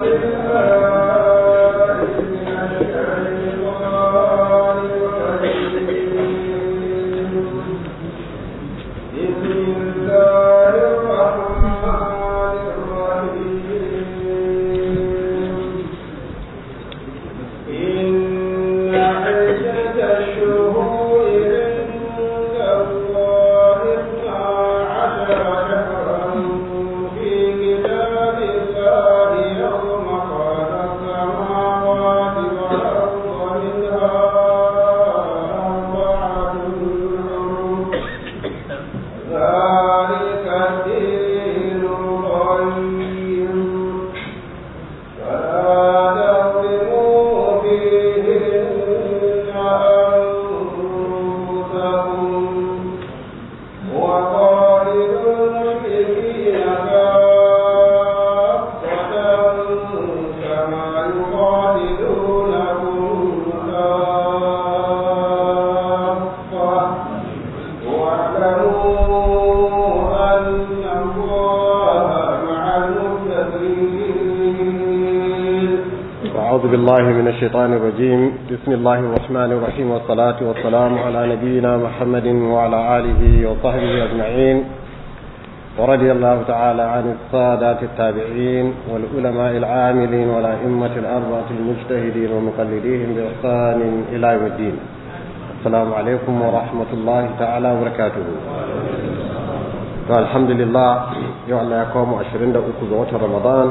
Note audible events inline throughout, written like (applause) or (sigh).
Yeah. الرحمن الرحيم والصلاة والسلام على نبينا محمد وعلى آله وصحبه أجمعين ورضي الله تعالى عن السادات التابعين والعلماء العاملين والأئمة الأربعة المجتهدين ومقلديهم بإحسان إلى يوم الدين السلام عليكم ورحمة الله تعالى وبركاته الحمد لله يعلى يقوم عشرين دقيقة رمضان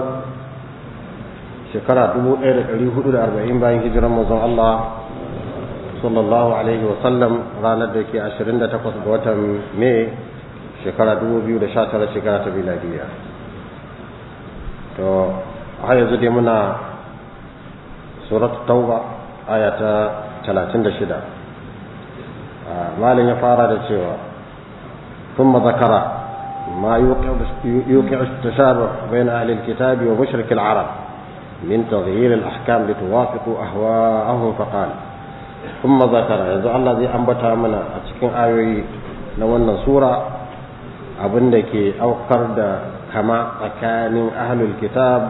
اليهود الأربعين باين hijiran mazan الله صلى الله عليه وسلم رانا دكي عشرين دا تقص بوتم مي شكرا دو بيو دا شاتر شكرا تبيلا ديا تو آية زدي منا سورة التوبة آية تلاتين دا شدا ما لن يفارا دا سوا ثم ذكر ما يوقع يوقع التشابه بين أهل الكتاب ومشرك العرب من تغيير الأحكام لتوافق أهواءهم فقال sun mazakara yanzu Allah zai ambata mana a cikin ayoyi na wannan sura abin da ke aukar da kama tsakanin ahlul kitab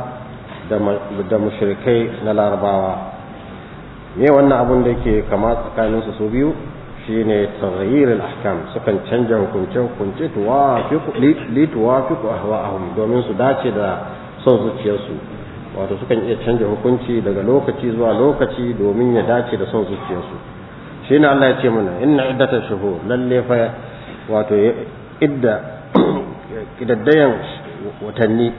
da mashirikai na larabawa me wannan abin da ke kama tsakanin su biyu shine ne al-ahkam sukan canja hukunce hukunce to fi li to wa fi domin su dace da son zuciyarsu. wato sukan iya canja hukunci daga lokaci zuwa lokaci domin ya dace da son zuciyarsu shi ne Allah ya ce mana inna iddata shuhu lalle fa wato idda (clears throat) kidaddayan watanni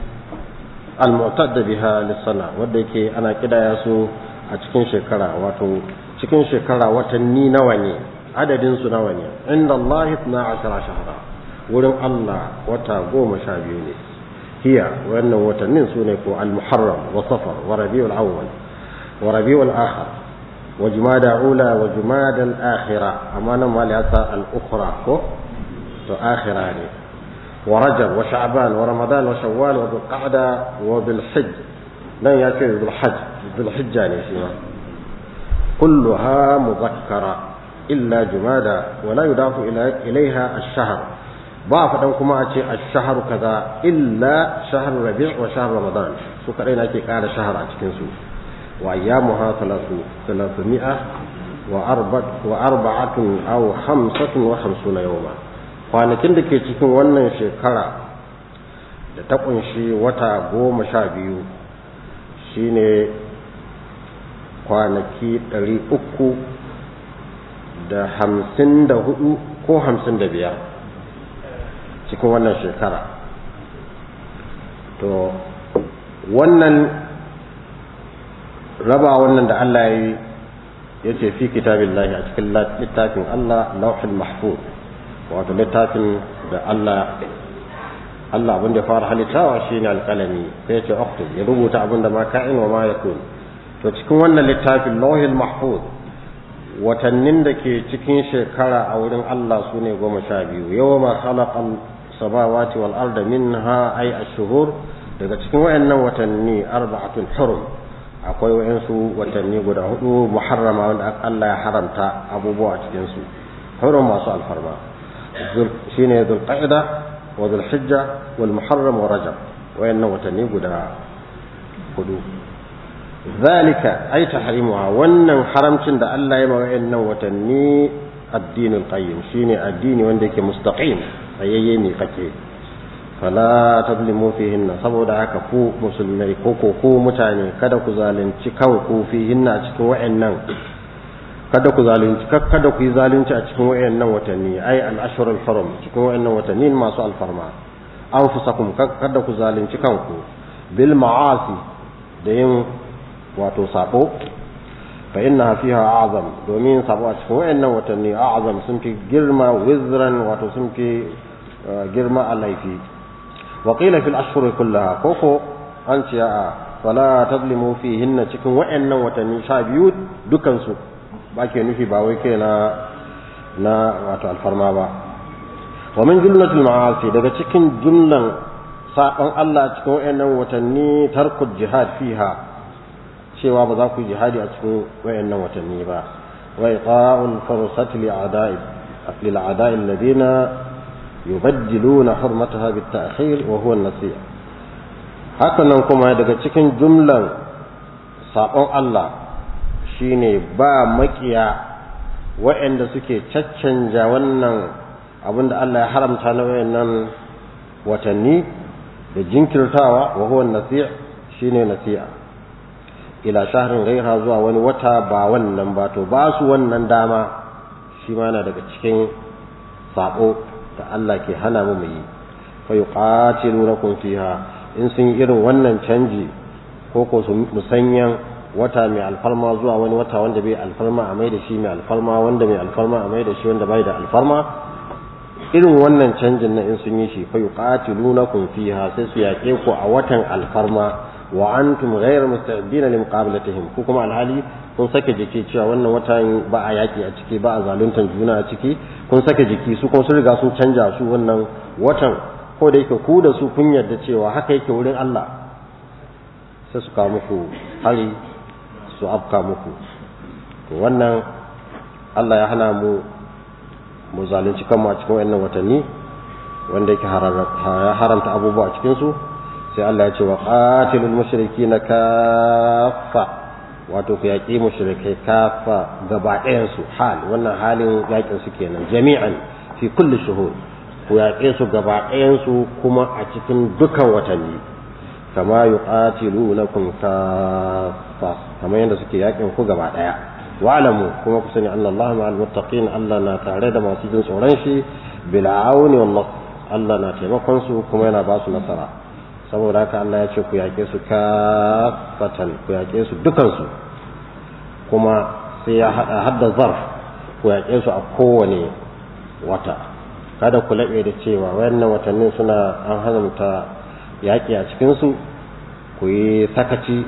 al da biha lis wanda yake ana kidaya su a cikin shekara wato cikin shekara watanni nawa ne adadin su nawa ne inda Allah 12 shahra wurin Allah wata goma sha biyu ne هي وأنه وتنين سنك المحرم وصفر وربيع الأول وربيع الآخر وجماد أولى وجماد الآخرة أمانا ما لأسا الأخرى آخرة ورجب وشعبان ورمضان وشوال وبالقعدة وبالحج لا نعم يأتي بالحج بالحج يعني كلها مذكرة إلا جمادة ولا يضاف إليها الشهر ba a faɗan kuma a ce a shaharu kaza illa shahar rabi' wa shahar ramadan su kaɗai na ke ƙara shahar a cikinsu wa ya ayyamuha mi'a wa arba'atun aw hamsatun wa hamsuna yawma kwanakin da ke cikin wannan shekara da ta kunshi wata goma sha biyu shine kwanaki ɗari uku da hamsin da hudu ko hamsin da biyar cikin wannan shekara to wannan raba wannan da Allah ya yi ya ce fi kitabillahi a cikin littafin Allah lauhin mahfuz wato littafin da Allah Allah abin da fara halittawa shine alƙalami sai ya ce uktub ya rubuta abin da ma ka'in wa ma yakun to cikin wannan littafin lauhin mahfuz watannin da ke cikin shekara a wurin Allah su ne goma sha biyu yau ma khalaqal samawati wal arda minha ay ashhur daga cikin wayannan watanni arba'atun hurum akwai wayansu watanni guda hudu muharrama wanda Allah ya haramta abubuwa cikin su hurum masu alfarma shine wa wal muharram wa rajab wayannan watanni guda hudu zalika ay tahrimuha wannan haramcin da Allah ya ma wayannan watanni addinul qayyim shine addini wanda yake mustaqim tsayayye mai fake fala tablimu fihinna saboda haka ku musulmai ko ko ku mutane kada ku zalunci kanku fihinna a cikin wa'annan kada ku zalunci kada ku yi zalunci a cikin wa'annan watanni ai al-ashhurul haram cikin wa'annan watanni masu alfarma anfusakum kada ku zalunci kanku bil ma'asi da yin wato sabo fa inna fiha a'zam domin sabo a cikin wa'annan watanni a'zam sun fi girma wizran wato sun fi girma a laifi waƙila qila fil ashhur kullaha koko an ce a fala tazlimu hinna cikin wa'annan watanni sha biyu dukan su ba ke nufi ba wai kai na na wato alfarma ba wa min jumlatil ma'asi daga cikin jumlan saban Allah cikin wa'annan watanni tarkul jihad fiha cewa ba za ku jihadi a cikin wa'annan watanni ba wa iqa'ul fursati li'ada'i lil alladhina yubajjiluna hurmataha bit-ta'khir wa huwa an-nasiya hakanan kuma daga cikin jumlan sabon Allah shine ba makiya waɗanda suke caccanja wannan abin da Allah ya haramta na wayannan watanni da jinkirtawa wa huwa an shine nasiya ila shahrin gaira zuwa wani wata ba wannan ba to ba su wannan dama shi ma na daga cikin sabo da Allah ke hana mu yi fa yuqatilunakum fiha in sun yi irin wannan canji ko ko su musanyan wata mai alfarma zuwa wani wata wanda bai alfarma a mai da shi mai alfarma wanda mai alfarma a mai da shi wanda bai da alfarma irin wannan canjin na in sun yi shi fa yuqatilunakum fiha sai su yaƙe ku a watan alfarma wa antum ghayra mustaqbina li muqabalatihim ku kuma alhali kun sake jiki cewa wannan watan ba a yaƙi a ciki ba a zaluntan juna a ciki kun sake jiki su kuma sun riga sun canja su wannan watan ko da yake ku da su kun yarda cewa haka yake wurin Allah sai su kawo muku hali su afka muku to wannan Allah ya hana mu mu zalunci kanmu a cikin wannan watanni wanda yake ya haramta abubuwa a cikinsu sai Allah ya ce wa qatilul mushrikina kaffa wato ku yaƙi mushrikai kafa gaba su hal wannan halin yaƙin su kenan jami'an fi kulli shuhur ku yaƙe su gaba su kuma a cikin dukkan watanni kama yuqatilunakum kafa kamar yadda suke yaƙin ku gaba ɗaya wa'lamu kuma ku sani anna Allah ma'al muttaqin Allah na tare da masu jin tsoron shi bil auni Allah na taimakon su kuma yana ba su nasara saboda haka Allah ya ce ku yaƙe su kafatan ku yaƙe su dukansu kuma sai ya haɗa hadda zarf ku yaƙe su a kowane wata kada ku laɓe da cewa wayannan watannin suna an hanzamta yaƙi a cikinsu ku yi sakaci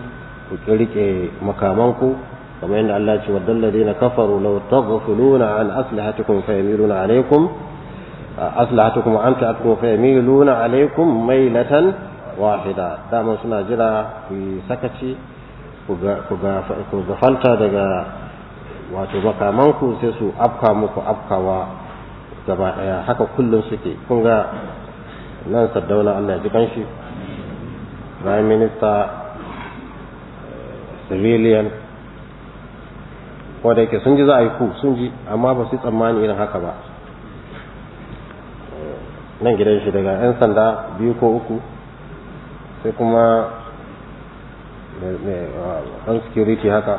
ku ƙirƙe makamanku kamar yadda Allah ce wadda ladina kafaru law taghfuluna an aslihatikum fayamiluna alaykum kuma wa luna fayamiluna alaykum mailatan wahida dama suna jira ku yi sakaci ku gafanta daga wato makamanku sai su afka muku afkawa gaba daya haka kullum suke kun ga nan sardauna allah ji kanshi prime minister civilian ko da yake sun ji za a yi ku sun ji amma ba su tsammani irin haka ba nan gidan shi daga 'yan sanda biyu ko uku sai kuma ɗan security haka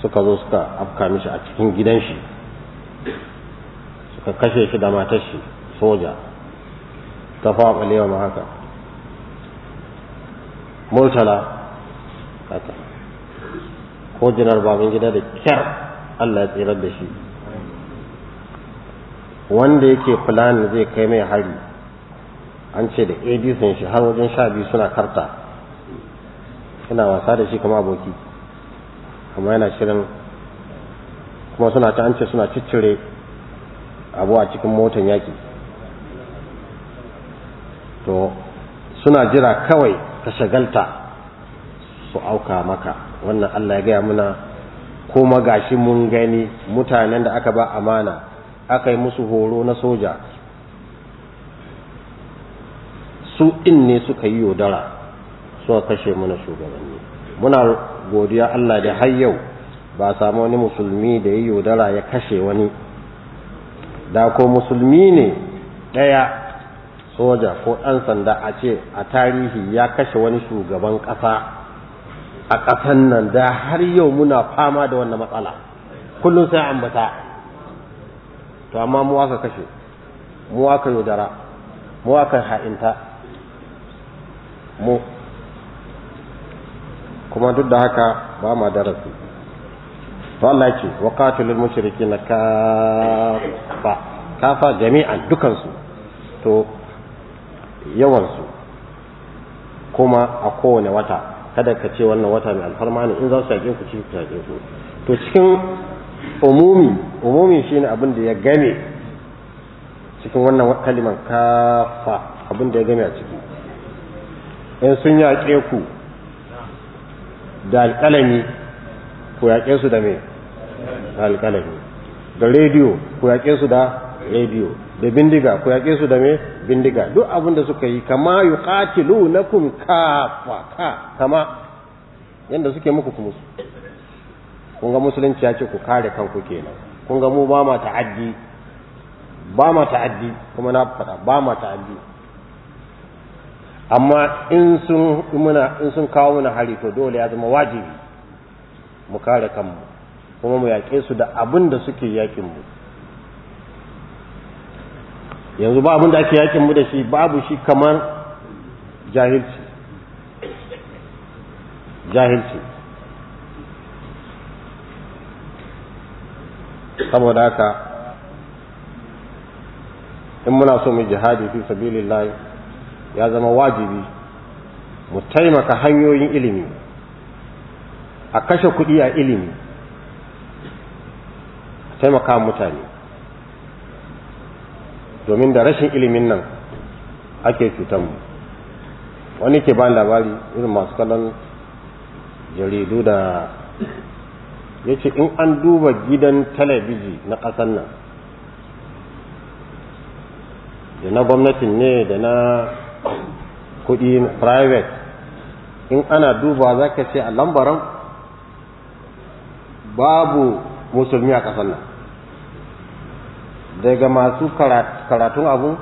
suka zo suka afka mishi a cikin gidan shi suka kashe shi da matar shi soja ta lewa ma haka murtala haka ko jinar babin gida da kyar allah ya tsirar da shi wanda yake fulani zai kai mai hari an ce da sun shi har wajen sha biyu suna karta suna wasa da shi kama aboki amma yana shirin kuma suna ta an ce suna ciccire abu a cikin motan yaƙi to suna jira kawai ka shagalta su auka maka wannan allah ya gaya muna kuma gashi mun gani mutanen da aka ba amana aka yi musu horo na soja su in ne suka yi yaudara suka kashe mana shugabanni muna godiya Allah da har yau ba samu wani musulmi da ya yi yaudara ya kashe wani da ko musulmi ne ɗaya soja ko ɗan sanda a ce a tarihi ya kashe wani shugaban ƙasa a ƙasan nan da har yau muna fama da wannan matsala kullum sai ambata to amma mu aka kashe mu aka yaudara mu aka ha'inta mu kuma duk da haka ba ma darasi to Allah yake wa qatilul mushrikeena kafa kafa jami'an dukansu to yawansu kuma a kowane wata kada ka ce wannan wata mai alfarma ne in za su yaƙe ku ci ta yaƙe ku to cikin umumi umumi shine abin da ya game cikin wannan kaliman kafa abin da ya game a ciki in sun yaƙe ku da alƙalami ku yaƙe su da me alƙalami da rediyo ku yaƙe su da rediyo da bindiga ku yaƙe su da me bindiga duk abin da suka yi kama kun kafa ka kama yanda suke muku kuma su kun ga musulunci ya ce ku kare kanku kenan kun ga mu ba ma ta'addi ba ma ta'addi kuma na faɗa ba ma ta'addi amma in sun muna in sun kawo mana hari to dole ya zama wajibi mu kare kanmu kuma mu yaƙe su da abin da suke yakin mu yanzu ba abin da ake yakin mu da shi babu shi kamar jahilci jahilci saboda haka in muna so mu jihadi fi sabilillahi ya zama wajibi mu taimaka hanyoyin ilimi a kashe kuɗi a ilimi a taimaka mutane domin da rashin ilimin nan ake mu wani ke ba labari irin masu kallon jaridu da ya ce in an duba gidan talabiji na ƙasar nan da na gwamnatin ne da na kuɗi private in ana duba za ka ce a lambaran babu musulmi a ƙasar nan daga masu karatun abu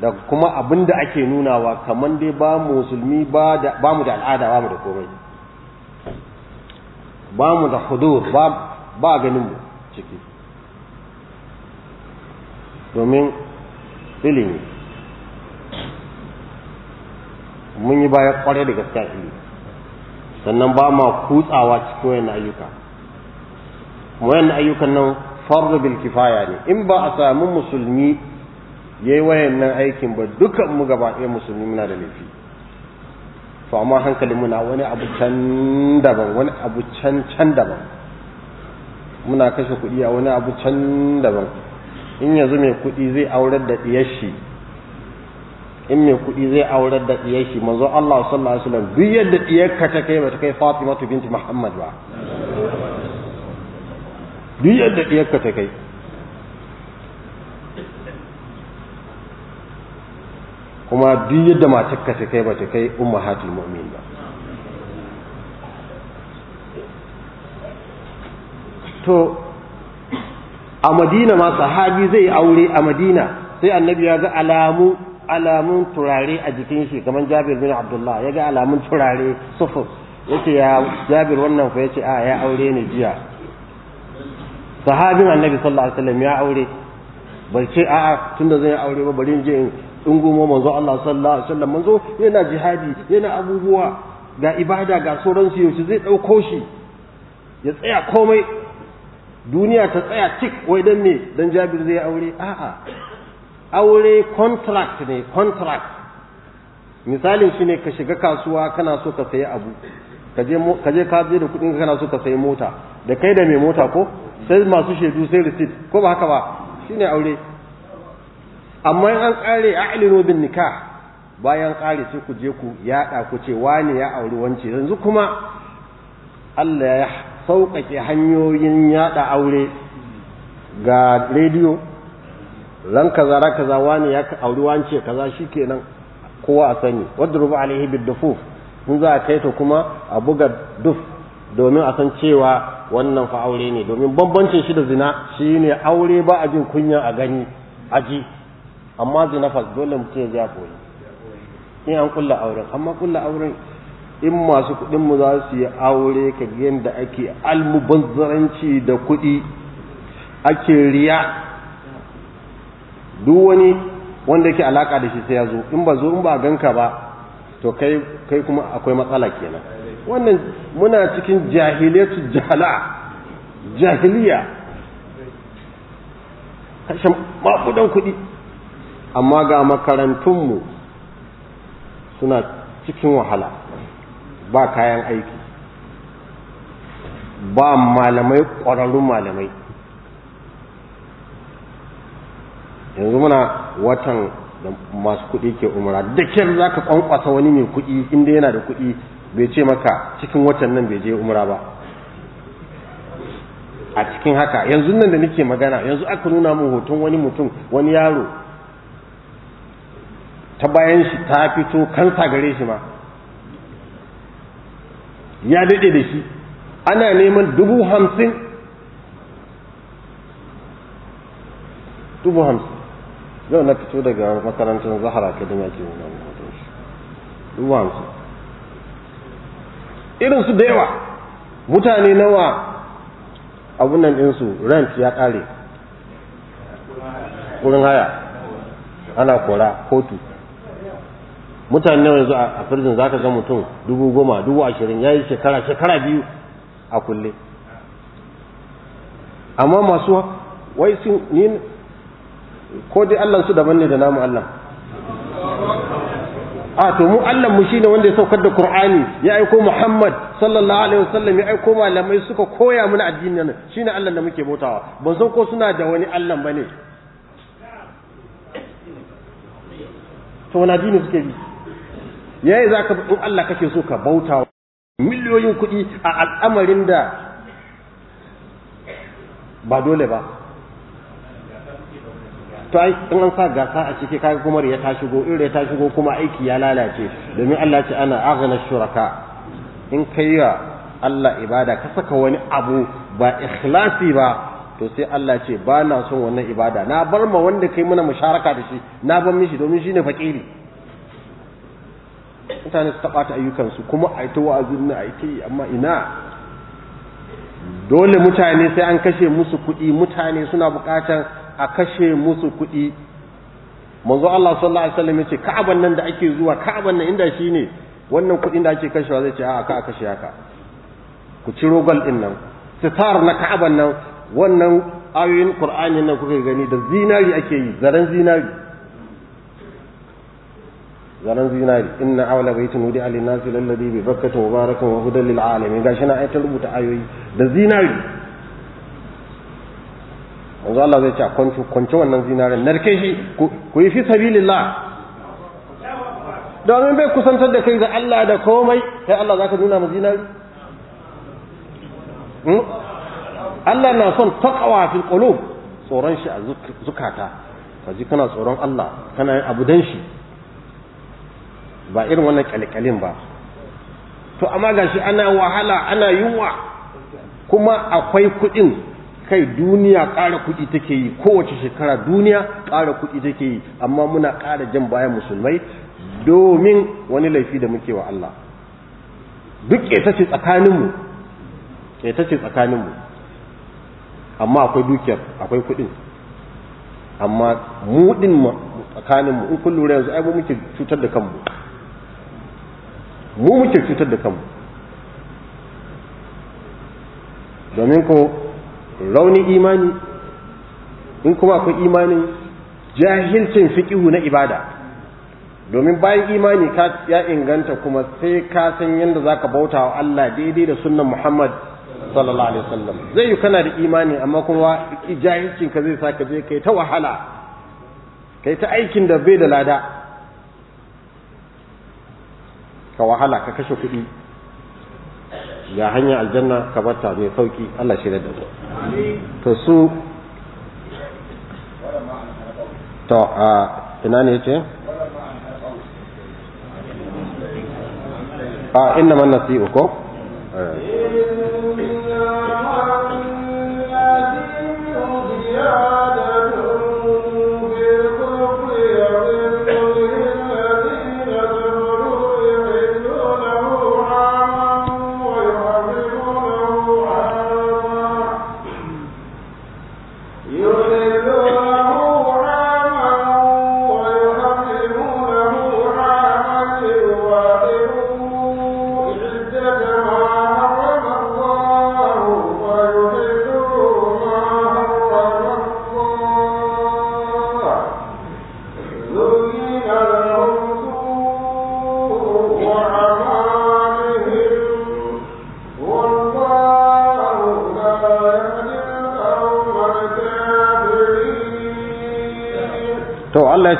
da kuma abin da ake nunawa kamar dai ba musulmi ba mu da al'ada ba mu da komai ba mu da hudur ba ganin mu ciki domin ilimi mun yi baya kwarai da shi ilimi sannan ba ma kutsawa cikin wayan ayyuka wayan ayyukan nan fardu bil kifaya ne in ba a samu musulmi ya wayan wayannan aikin ba dukan mu gaba ɗaya musulmi muna da laifi to amma hankali muna wani abu can daban wani abu can can daban muna kashe kuɗi a wani abu can daban in yanzu mai kuɗi zai aurar da ɗiyar shi in mai kuɗi zai aurar da ɗiyar shi manzo Allah sallallahu alaihi wasallam duk yadda ɗiyar ka ta kai ba ta kai Fatima binti Muhammad ba duk yadda ɗiyar ka ta kai kuma duk yadda matar ka ta kai ba ta kai ummahatul mu'min ba to a madina ma sahabi zai aure a madina sai annabi ya ga alamu alamun turare a jikin shi kamar jabir bin abdullah ya ga alamun turare sufur ya ce ya jabir wannan fa ya ce a ya aure ne jiya sahabin annabi sallallahu alaihi wasallam ya aure bai ce a a tunda zai aure ba bari je in tsungumo manzo Allah sallallahu alaihi wasallam manzo yana jihadi yana abubuwa ga ibada ga sauransu yaushe zai dauko shi ya tsaya komai duniya ta tsaya cik wai dan me dan jabir zai aure a'a aure contract ne contract misalin shine ka shiga kasuwa kana so ka sayi abu ka je ka je da kuɗin kana so ka sayi mota da kai da mai mota ko sai masu shaidu sai receipt ko ba haka ba shine aure amma in an kare a'linu bin nikah bayan kare sai ku je ku yada ku ce wani ya auri wance yanzu kuma Allah ya sauƙaƙe hanyoyin yada aure ga rediyo ran kaza ra kaza wani ya auri wance kaza shikenan kowa a sani wadda wadrubu alaihi dufuf in za a kai ta kuma a buga duf domin a san cewa wannan fa aure ne domin bambancin shi da zina shi ne aure ba a jin kunya a gani a ji amma zina fa dole mutum ya koyi in an kulla auren amma kulla auren in masu kuɗin mu za su yi aure ka yadda ake almubazzaranci da kuɗi ake riya duk wani wanda yake alaka da shi sai ya zo in ba zo in ba ganka ba to kai kai kuma akwai matsala kenan wannan muna cikin jahiliyatu jahala jahiliya kashin makudan kuɗi amma ga makarantunmu suna cikin wahala ba kayan aiki ba malamai ƙwararrun malamai yanzu muna watan da masu kuɗi ke umara da kyar za ka kwankwasa wani mai kuɗi inda yana da kuɗi bai ce maka cikin watan nan bai je umara ba a cikin haka yanzu nan da nake magana yanzu aka nuna min hoton wani mutum wani yaro ta bayan shi ta fito kansa gare shi ma ya daɗe da shi ana neman dubu hamsin dubu hamsin yau na fito daga makarantar zahar academy ke nuna wani hoton shi dubu irin su da yawa mutane nawa abunan ɗinsu rent ya ƙare wurin haya ana kora kotu mutane nawa yanzu a firjin za ka ga mutum dubu goma dubu ashirin ya yi shekara shekara biyu a kulle amma masu wai sun ko dai Allah su daban ne da namu Allah a to mu Allah mu shine wanda ya saukar da Qur'ani ya aiko Muhammad sallallahu alaihi wasallam ya aiko malamai suka koya mana addinin nan shine Allah da muke bautawa ban san ko suna da wani Allah bane to wani addini suke bi yayi zaka in Allah kake so ka bautawa miliyoyin kuɗi a al'amarin da ba dole ba to ai in an sa gasa a ciki kaga kuma ya ta shigo in ya ta shigo kuma aiki ya lalace domin Allah ce ana aghna shuraka in kai wa Allah ibada ka saka wani abu ba ikhlasi ba to sai Allah ce ba na son wannan ibada na bar ma wanda kai muna musharaka da shi na bar mishi domin shine fakiri mutane su taɓata ayyukansu kuma a ta wa'azin na aiki amma ina dole mutane sai an kashe musu kuɗi mutane suna buƙatar a kashe musu kuɗi manzo Allah sallallahu alaihi wasallam yace ka'aban nan da ake zuwa ka'aban nan inda shine wannan kuɗin da ake kashewa zai ce a'a ka a kashe haka ku ciro gal din nan sitar na ka'aban nan wannan ayoyin qur'ani nan kuka gani da zinari ake yi zaren zinari zaren zinari inna awla baitin wudi alin nasi lalladhi bi bakkata mubarakan wa hudan lil alamin gashi na ayatan rubuta ayoyi da zinari yanzu Allah zai ce kwanci kwanci wannan zinaren narke shi ku yi fi sabilillah domin bai kusantar da kai da Allah da komai sai Allah zaka nuna mu zinari hmm? Allah na son taqwa fil qulub tsoron shi a zukata kaji kana tsoron Allah kana yin abu dan shi ba irin wannan kalkalin ba to amma gashi ana wahala ana yunwa kuma akwai kuɗin kai duniya ƙara kuɗi take yi kowace shekara duniya ƙara kuɗi take yi amma muna ƙara jan bayan musulmai domin wani laifi da muke wa Allah duk ita ce tsakaninmu ita ce tsakaninmu amma akwai dukiyar akwai kuɗin amma mu tsakaninmu in kun lura yanzu ai mu muke cutar da kanmu mu muke cutar da kanmu domin ko rauni imani in kuma akwai imanin jahilcin fiƙihu na ibada domin bayan imani ka ya inganta kuma sai ka san yadda zaka bauta wa Allah daidai da sunnan Muhammad sallallahu alaihi wasallam zai yi kana da imani amma kuma jahilcin ka zai saka je kai ta wahala kai ta aikin da bai da lada ka wahala ka kashe kuɗi ga hanyar aljanna ka bata mai sauki Allah shi da fasu to a ina ne ce a inna man nasi'u ko eh.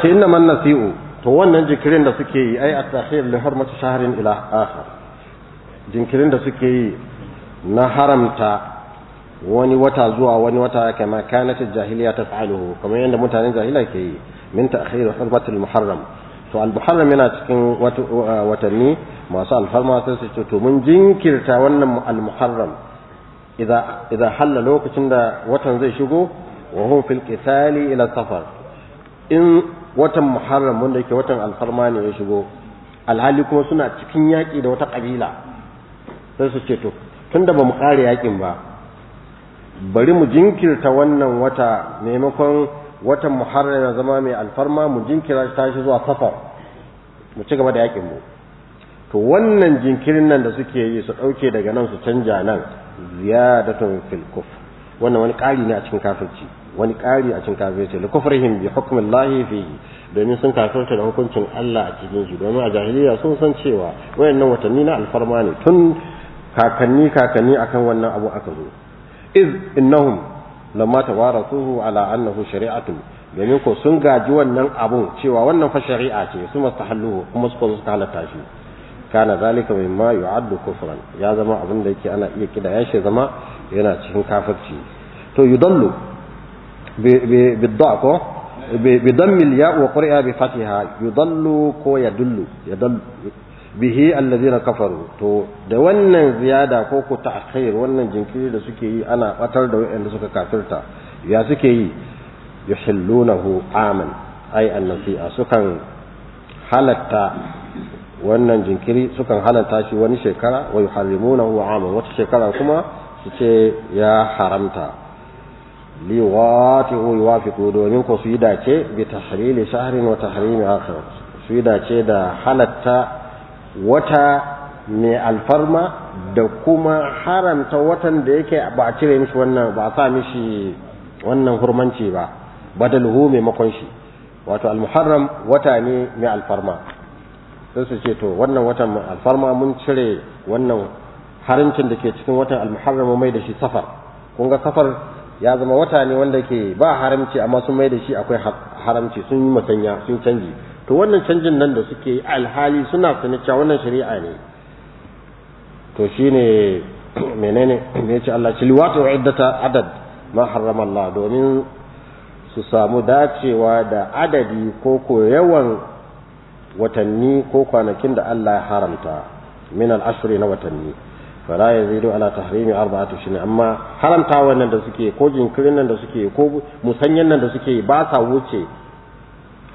ce inna man nasi'u to wannan jinkirin da suke yi ai at li hurmati shahrin ila akhar jinkirin da suke yi na haramta wani wata zuwa wani wata kama kanat jahiliya taf'aluhu kamar yadda mutanen jahiliya ke yi min ta'khir hurmati al-muharram to al-muharram yana cikin uh, watanni masu alfarma sai su ce to mun jinkirta wannan al-muharram idza idza halla lokacin da watan zai shigo wa hum fil qitali ila safar in watan muharram wanda yake watan alfarma ne ya shigo alhali kuma suna cikin yaƙi da wata ƙabila sai su ce to tun da ba mu ƙare yaƙin ba bari mu jinkirta wannan wata maimakon watan muharram ya zama mai alfarma mu jinkira ta shi zuwa safar mu ci gaba da yaƙin mu to wannan jinkirin nan da suke yi su ɗauke daga nan su canja nan ziyadatun fil kuf wannan wani ƙari ne a cikin kafirci wani ƙari a cikin kafirci li kufrihim bi hukmillahi fihi domin sun kafirta da hukuncin Allah a cikin shi domin a jahiliya sun san cewa wayannan watanni na alfarma ne tun kakanni kakanni akan wannan abu aka zo iz innahum lamma tawarasuhu ala annahu shari'atun domin ko sun gaji wannan abun cewa wannan fa shari'a ce su mustahalluhu kuma su suka halatta shi kana zalika mimma yu'addu kufran ya zama abin da yake ana iya kida ya shi zama yana cikin kafirci to yudallu بالضعف بضم الياء وقرئ بفتحها يضل كو يدل يضل bihi الذين كفروا تو da wannan ziyada ko ko ta'khir wannan jinkiri da suke yi ana batar da wanda suka kafirta ya suke yi yuhillunahu aman ay annasi'a sukan halatta wannan jinkiri sukan halatta shi wani shekara wa yuharrimunahu aman wata shekara kuma su ce ya haramta liwati'u yuwafiqu domin ko su yi dace bi tahlili shahrin wa tahrimi akhar su yi dace da halatta wata mai alfarma da kuma haramta watan da yake ba a cire mishi wannan ba a sa mishi wannan hurmanci ba badalhu makon shi wato almuharram wata ne mai alfarma sai su ce to wannan watan alfarma mun cire wannan harincin da ke cikin watan almuharram mai da shi safar kun ga safar ya zama wata ne wanda ke ba haramci amma sun mai da shi akwai haramci sun yi masanya sun canji to wannan canjin nan da suke alhali suna sani cewa wannan shari'a ne to shine (clears throat) menene me ce Allah ci liwatu iddata adad ma harrama Allah domin su samu dacewa da adadi ko ko yawan watanni ko kwanakin da Allah ya haramta min al-ashri na watanni fala zai ala tahrimi arba'atu shin amma haramta wannan da suke ko jinkirin nan da suke ko musanyen nan da suke ba sa wuce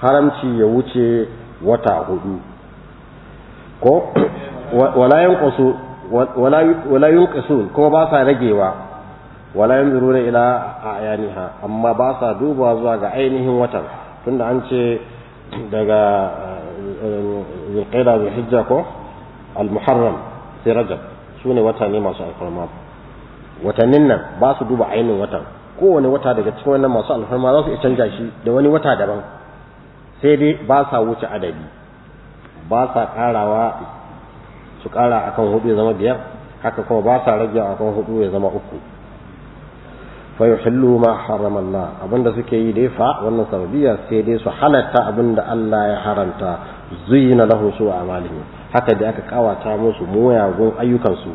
haramci ya wuce wata hudu ko wala yanqusu wala yunqisun ko ba sa ragewa wala yanzuruna ila ayaniha amma ba sa dubawa zuwa ga ainihin watan tunda an ce daga zulqaida zulhijja ko al-muharram sai rajab su ne wata masu alfarma watannin nan ba su duba ainihin watan kowane wata daga cikin wannan masu alfarma za su iya canja shi da wani wata daban sai dai ba sa wuce adadi ba sa karawa su kara akan hudu ya zama biyar haka kuma ba sa rage akan hudu ya zama uku fa yuhillu ma harrama Allah abinda suke yi dai fa wannan sabbiya sai dai su halatta abinda Allah ya haramta zuyina lahum su amalihim haka da aka kawata musu muyagun ayyukansu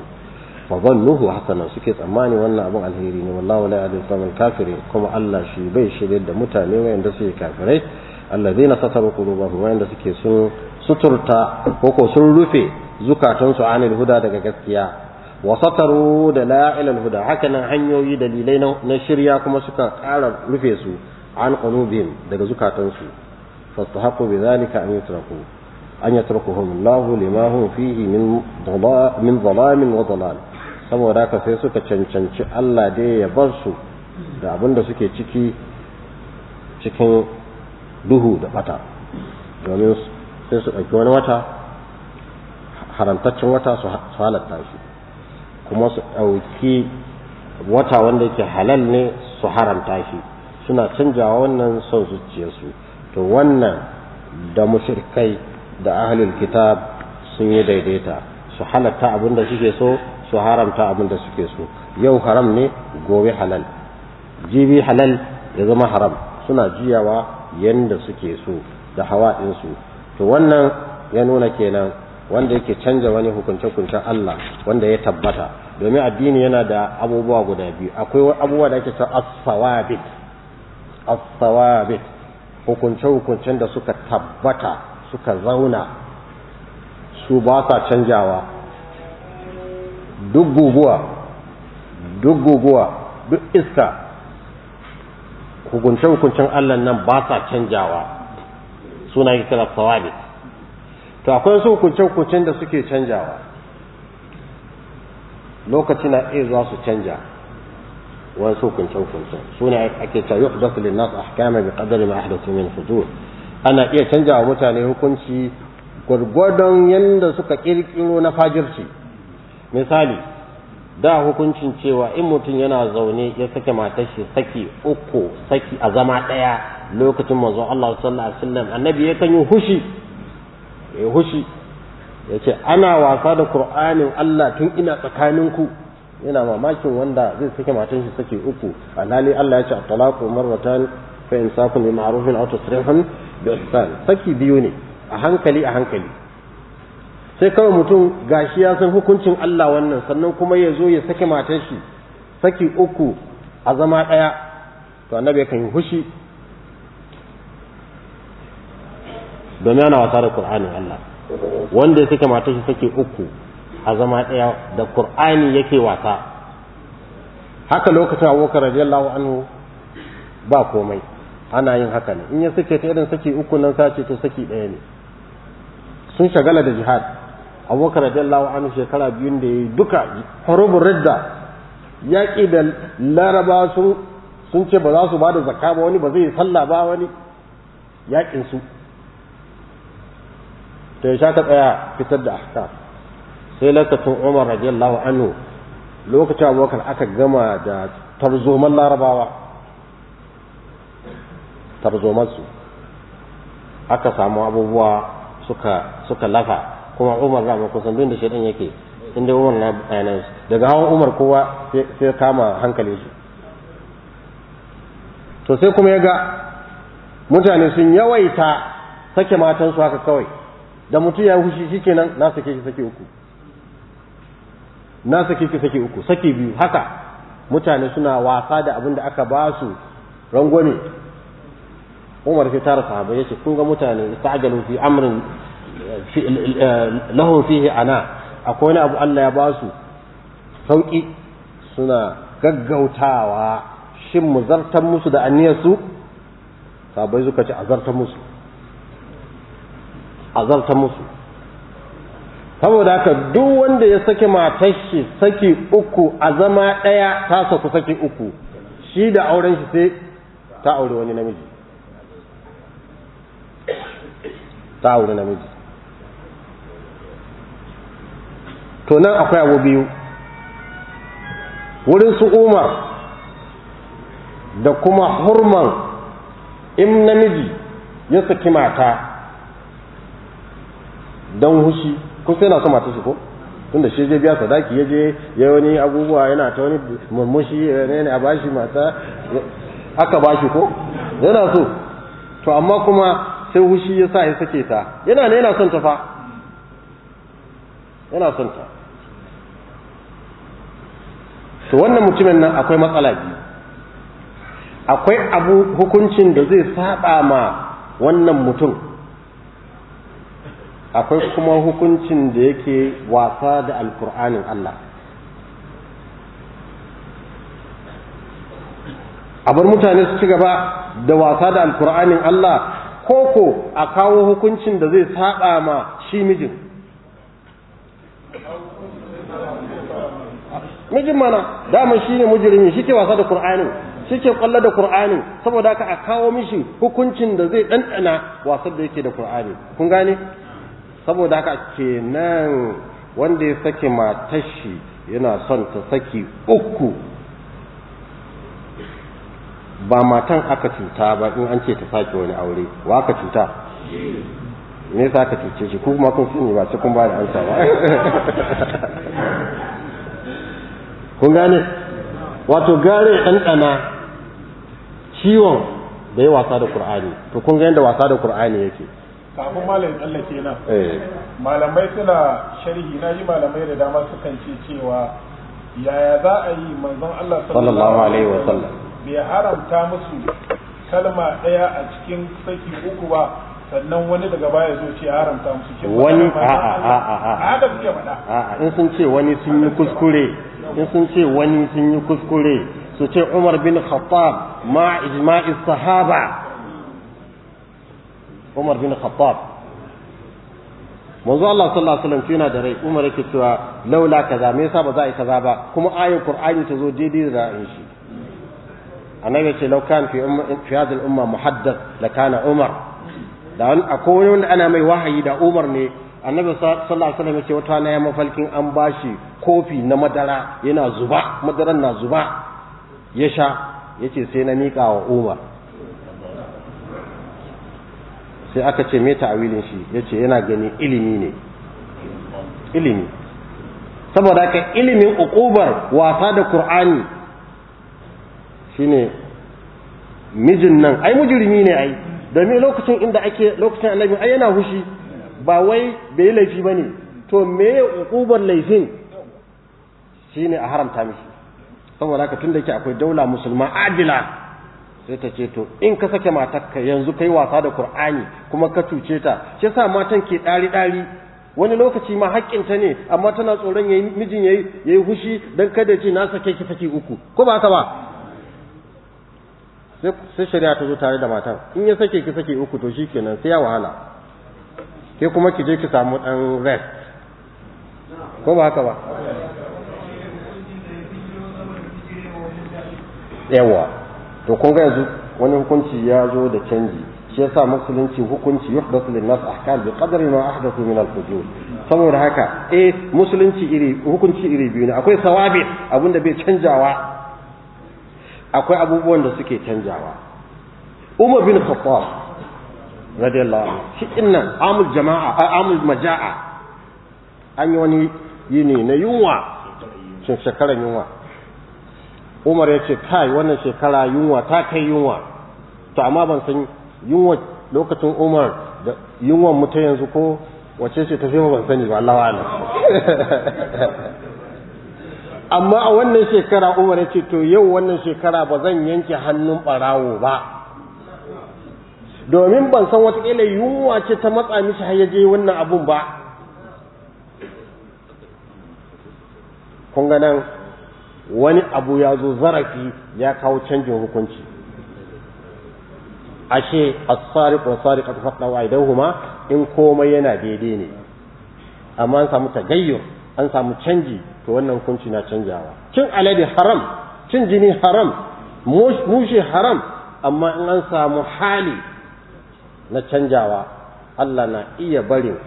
fa zannuhu hasanan suke tsammani wannan abun alheri ne wallahu la illa al kafiri kuma Allah shi bai shirye da mutane wayanda suke kafirai alladheena satara qulubahum wayanda suke sun suturta ko ko sun rufe zukatansu anil huda daga gaskiya wa sataru da la ilal huda hakanan hanyoyi dalilai na shirya kuma suka ƙara rufe su an qulubihim daga zukatansu فاستحقوا بذلك أن يتركوا أن يتركهم الله لما هم فيه من ضلال من ظلام وضلال saboda haka sai suka cancanci Allah dai ya bar su da abin da suke ciki cikin duhu da bata domin sai su ɗauki wani wata haramtaccen wata su halatta shi kuma su ɗauki wata wanda yake halal ne su haramta shi suna canjawa wannan son zuciyarsu to wannan da mushrikai da ahlul kitab sun yi daidaita su halatta abin da suke so su haramta abin da suke so yau haram ne gobe halal jibi halal ya zama haram suna jiyawa yanda suke so da hawa su to wannan ya nuna kenan wanda yake canja wani hukunce-hukuncen Allah wanda ya tabbata domin addini yana da abubuwa guda biyu akwai abubuwa da ake cewa as-sawabit as-sawabit hukunce-hukuncen da suka tabbata suka zauna su ba sa canjawa duk guguwa duk guguwa duk iska hukunce-hukuncen Allah nan ba sa canjawa suna yi kira sawabi to akwai su hukunce-hukuncen da suke canjawa lokaci na iya za su canja wasu hukunce-hukunce su ne ake cewa yuhdathu lin nas ahkama bi qadari ma ahdathu min fudur ana iya canja wa mutane hukunci gwargwadon yanda suka kirkiro na fajirci misali da hukuncin cewa in mutum yana zaune ya sake matashi, shi saki uku saki a zama ɗaya lokacin manzon Allah sallallahu alaihi wasallam annabi ya kan yi hushi ya hushi ya ana wasa da Qur'anin Allah tun ina tsakaninku ku yana mamakin wanda zai sake matan shi sake uku alhali Allah ya ce a talaqu marratan fa insakun bi ma'rufin aw tasrihun bi ihsan saki biyu ne a hankali a hankali sai kawai mutum gashi ya san hukuncin Allah wannan sannan kuma ya zo ya sake matan shi saki uku a zama daya to annabi kan yi hushi domin yana wasa da Qur'anin Allah wanda ya sake matan shi uku a zama ɗaya da ƙur'ani yake wasa haka lokacin abubakar radiyallahu anhu ba komai ana yin haka ne in ya sake ta irin saki uku nan sace to saki ɗaya ne sun shagala da jihad abubakar radiyallahu anhu shekara biyun da ya yi duka harubun ridda yaƙi da laraba sun ce ba za su ba da zakka ba wani ba zai sallah ba wani yaƙin su to ya sha ka tsaya fitar da ahkam sai lokacin umar radiyallahu anhu lokacin abubakar aka gama da tarzoman larabawa tarzomansu aka samu abubuwa suka suka lafa kuma umar na kusan duk da shaidan yake inda umar na bayanan eh, daga hawan umar kowa sai kama hankali su to sai kuma ya ga mutane sun yawaita sake matansu haka kawai da mutum ya yi hushi shikenan na sake shi sake uku na saki ki saki uku saki biyu haka mutane suna wasa da abin da aka ba su rangwame umar sai tara sahabbai yace kun ga mutane ista'jalu fi amrin lahu fihi ana akwai wani abu Allah ya ba su sauki suna gaggautawa shin mu zartar musu da aniyar su sahabbai suka ce azartan musu musu saboda haka duk wanda ya saki matar shi saki uku a zama ɗaya ta saku saki uku shi da auren shi sai ta aure wani namiji ta aure namiji to nan akwai abu biyu wurin su umar da kuma hurman in namiji ya saki mata don hushi kun sai na so mata shi ko tunda shi zai biya sadaki ya je ya wani abubuwa yana ta wani murmushi ne ne a bashi mata aka bashi ko yana so to amma kuma sai hushi ya sa ya sake ta yana ne yana son ta fa yana son ta to wannan mutumin nan akwai matsala biyu akwai abu hukuncin da zai saba ma wannan mutum akwai kuma hukuncin da yake wasa da alkur'anin Allah a bar mutane su ci gaba da wasa da alkur'anin Allah koko a kawo hukuncin da zai saba ma shi mijin mijin mana dama shi ne mujirimi shi ke wasa da kur'anin shi ke kwallo da kur'anin saboda haka a kawo mishi hukuncin da zai ɗanɗana wasan da yake da kur'ani kun gane saboda haka kenan wanda ya sake matashi yana son ta saki uku ba matan aka cuta ba in an ce ta sake wani aure wa aka cuta me yasa aka cuce shi ko kuma kun ne ba kun ba da ansa ba (laughs) kun gane wato gare ɗanɗana ciwon da ya wasa da ƙur'ani to kun ga yadda wasa da ƙur'ani yake kafin malam tsallake nan eh. malamai suna sharhi na yi malamai da dama sukan ce cewa yaya za a yi manzon Allah sallallahu alaihi wa sallam bai haramta musu kalma daya a cikin saki uku ba sannan wani daga baya zo ce haramta musu ke wani a a a a a da a a in sun ce wani sun yi kuskure in sun ce wani sun yi kuskure su ce Umar bin Khattab ma ijma'i sahaba Umar bin Khattab manzo Allah sallallahu alaihi wasallam yana da rai Umar yake cewa laula kaza me yasa ba za a yi kaza ba kuma ayatul Qur'ani ta zo daidai da ra'ayin shi annabi yace law kan fi umma fi hadhihi umma muhaddath la kana Umar da an akwai wanda ana mai wahayi da Umar ne annabi sallallahu alaihi wasallam yace wata na ya mafalkin an bashi kofi na madara yana zuba madaran na zuba ya sha yace sai na mika wa Umar sai aka ce me ta'awilin shi yace yana gani ilimi ne ilimi saboda ka ilimin uqubar wasa da qur'ani shine mijin nan ai mujrimi ne ai domin lokacin inda ake lokacin annabi ai yana hushi ba wai bai yi laifi bane to me uqubar laifin shine a haramta mishi saboda ka tunda yake akwai daula musulma adila sai ta ce to in ka sake ka yanzu kai wasa da Qur'ani kuma ka cuce ta shi yasa matan ke dari dari wani lokaci ma ta ne amma tana tsoron yayi mijin yayi yayi hushi dan kada ji na sake ki saki uku ko ba ka ba sai shari'a ta zo tare da matan in ya sake ki saki uku to shikenan sai ya wahala ke kuma ki je ki samu dan rest ko ba ka ba yawa to kun ga yanzu wani hukunci ya zo da canji shi yasa musulunci hukunci yuhdathu lin nas ahkam bi qadri ma ahdathu min al fujur saboda haka eh musulunci iri hukunci iri biyu ne akwai sawabi abinda bai canjawa akwai abubuwan da suke canjawa umar bin khattab radiyallahu anhu shi inna amul jama'a amul majaa an yi wani yini na yunwa shin shekaran yunwa umar ya ce kai wannan shekara yunwa ta kai yunwa to amma ban san yunwa lokacin umar da yunwan mu ta yanzu ko wace ce ta fi ban sani ba Allah wa'ala (laughs) amma a wannan shekara umar ya ce to yau wannan shekara ba zan yanke hannun barawo ba domin ban san watakila yunwa ce ta matsa mishi har ya je wannan abun ba kun ga nan wani abu ya zo zarafi ya kawo canjin hukunci ashe as-sariq wa sariqa faqdaw aydahuma in komai yana daidai ne amma an samu tagayyur an samu canji to wannan hukunci na canjawa cin alade haram cin jini haram mushe haram amma in an samu hali na canjawa Allah na iya barin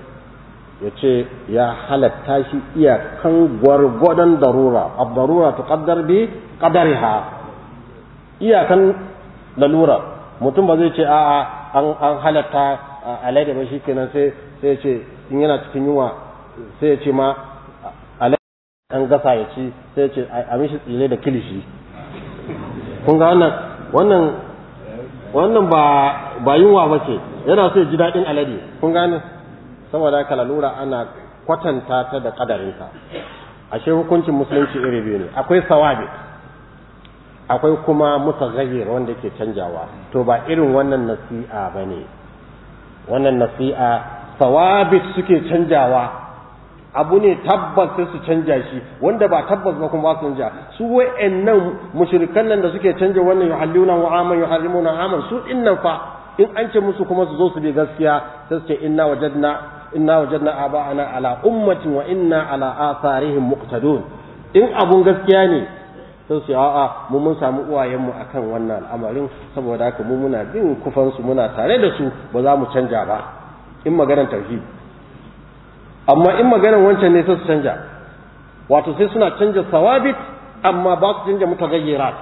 ya ce ya halatta shi iyakan gwargwadon darura abdarura ta kaddar bi ha iyakan lalura mutum ba zai ce a'a an halatta alaida ba shi kenan sai ya ce in yana cikin yunwa sai ya ce ma alaida an gasa ya ci sai ya ce a mishi tsile da kilishi kun ga wannan wannan wannan ba yunwa ba ce yana so ya ji daɗin alade kun gane saboda haka lalura ana kwatanta ta da kadarinta ashe hukuncin musulunci iri biyu ne akwai sawabi akwai kuma mutaghayyir wanda yake canjawa to ba irin wannan nasi'a bane wannan nasi'a sawabi suke canjawa abu ne tabbas sai su canja shi wanda ba tabbas ba kuma ba su canja su wa'annan mushrikan nan da suke canja wannan yuhalluna wa aman yuharrimuna aman su dinnan fa in an ce musu kuma su zo su bi gaskiya sai su ce inna wajadna inna wajadna aba'ana ala ummatin wa inna ala atharihim muqtadun in abun gaskiya ne sai su a'a mu mun samu uwayenmu akan wannan al'amarin saboda haka mu muna bin kufansu muna tare da su ba za mu canja ba in maganar tauhid amma in maganar wancan ne sai su canja wato sai suna canja sawabit amma ba su canja mutagayyirat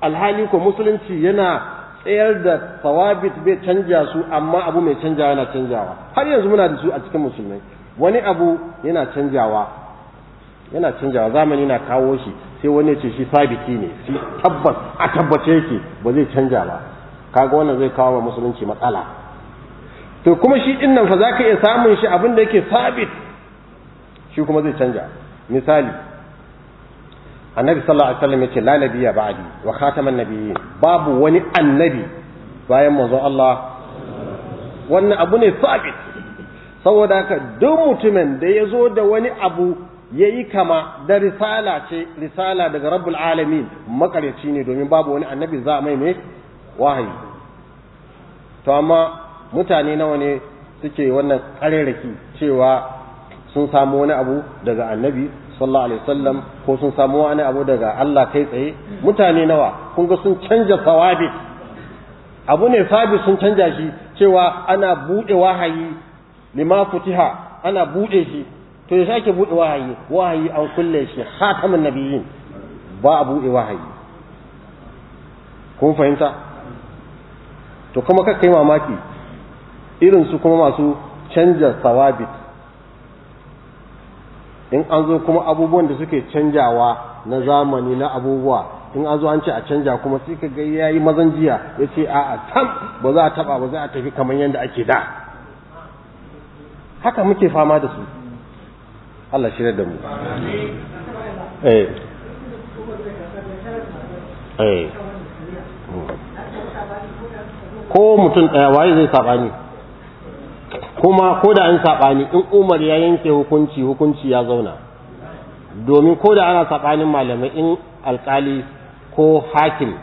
alhali ko musulunci yana tsayar da fawabit bai canja su amma abu mai canjawa yana canjawa har yanzu muna da su a cikin musulmai wani abu yana canjawa yana canjawa zamani na kawo shi sai wani ce shi sabiti ne shi tabbas a tabbace yake ba zai canja ba kaga wannan zai kawo wa musulunci matsala to kuma shi din nan fa zaka iya samun shi abin da yake sabit shi kuma zai canja misali annabi sallallahu alaihi wasallam yace la nabiyya ba'di wa khataman nabiyyin babu wani annabi bayan manzo Allah wannan abu ne sabit saboda haka duk mutumin da ya zo da wani abu yayi kama da risala ce risala daga rabbul alamin ne domin babu wani annabi za mai ne wahayi to amma mutane nawa ne suke wannan kareraki cewa sun samu wani abu daga annabi sallallahu alaihi wasallam ko sun samu wani abu daga Allah kai tsaye mutane nawa kun ga sun canja sawabi abu ne sabi sun canja shi cewa ana bude wahayi lima futiha ana bude shi to ya sake bude wahayi wahayi an kulle shi khatamin nabiyyin ba a bude wahayi kun fahimta to kuma kai mamaki irin su kuma masu canja sawabit in an zo kuma abubuwan da suke canjawa na zamani na abubuwa in an zo an ce a canja kuma sai ka ga yayi mazan jiya ya ce a'a tam ba za a taba ba za a tafi kamar yadda ake da haka muke fama da su Allah shirya da mu eh. Eh. Hmm. ko mutum ɗaya waye zai sabani kuma ko da an saɓani in umar ya yanke hukunci hukunci ya zauna domin ko da ana saɓanin malamai in alƙali ko hakim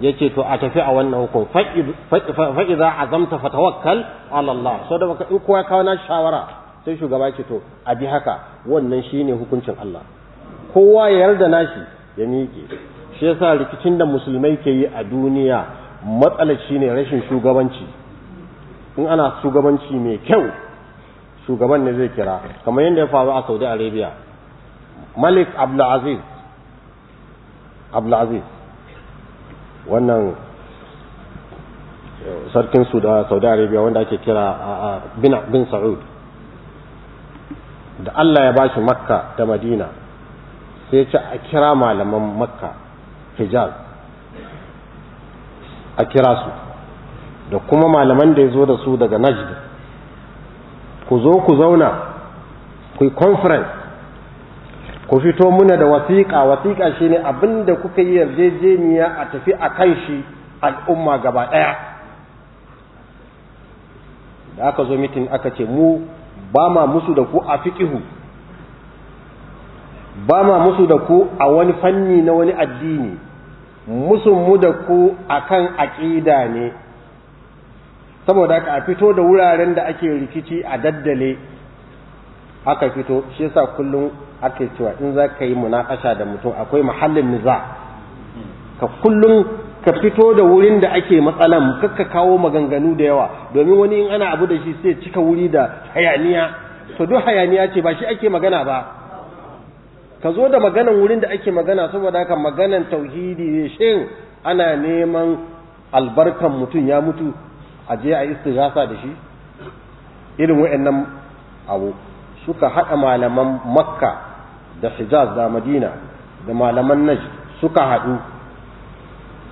ya ce to a tafi a wannan hukun za a zamta fatawakkal alallah so da in kowa kawo na shawara sai shugaba ce to a bi haka wannan shi ne hukuncin Allah kowa ya yarda na shi ya miƙe shi yasa rikicin da musulmai ke yi a duniya matsalar ne rashin shugabanci in ana shugabanci mai kyau shugaban ne zai kira kamar yadda ya faru a saudi arabia malik abdulaziz abdulaziz wannan eh, sarkin saudi arabia wanda ake kira bin sa'ud da allah ya bashi makka da madina sai ce a kira malaman makka hijaz a kira su da kuma malaman da ya zo da su daga najd ku zo ku zauna ku yi conference ku fito muna da wasiƙa wasiƙa shi abin abinda kuka yi yarjejeniya a tafi a kan shi al'umma gaba ɗaya da aka zo mitin aka ce mu ba ma musu da ku a fiƙihu ba ma musu da ku a wani fanni na wani addini musu mu da ku akan aƙida ne saboda haka a fito da wuraren da ake rikici a daddale haka fito shi yasa kullum ake cewa in za ka yi munakasha da mutum akwai mahallin niza ka kullum ka fito da wurin da ake matsalan ka kawo maganganu da yawa domin wani in ana abu da shi sai cika wuri da hayaniya to duk hayaniya ce ba shi ake magana ba ka zo da maganan wurin da ake magana saboda haka maganan tauhidi ne shin ana neman albarkan mutum ya mutu a je a istighasa da shi irin wa'annan abu suka haɗa malaman makka da hijaz da madina da malaman najd suka haɗu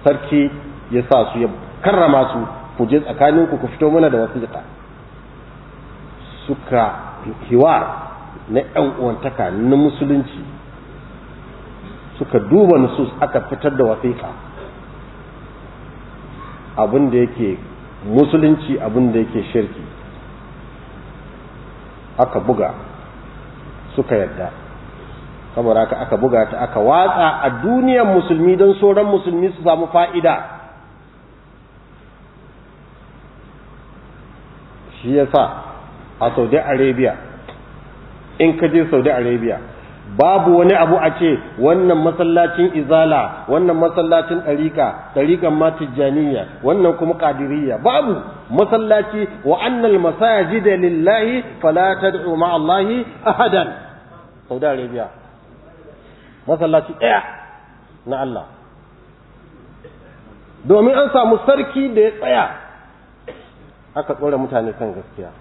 sarki ya sa su ya karrama su ku je tsakaninku ku fito mana da wasiƙa suka hiwa na ‘yan uwantaka na musulunci suka duba nusus aka fitar da wasiƙa abin da yake musulunci abin da yake shirki aka buga suka yadda saboda haka aka buga ta aka watsa a duniyan musulmi don sauran musulmi su samu fa'ida shi ya sa a saudi arabia in ka je saudi arabia babu wani abu a ce wannan masallacin izala wannan masallacin ɗarika ɗarikan ma tijjaniya wannan kuma ƙadiriyya babu masallaci wa annal masajida lillahi fala tad'u ma Allahi ahadan Saudi Arabia masallaci ɗaya na Allah domin an samu sarki da ya tsaya aka tsora mutane kan gaskiya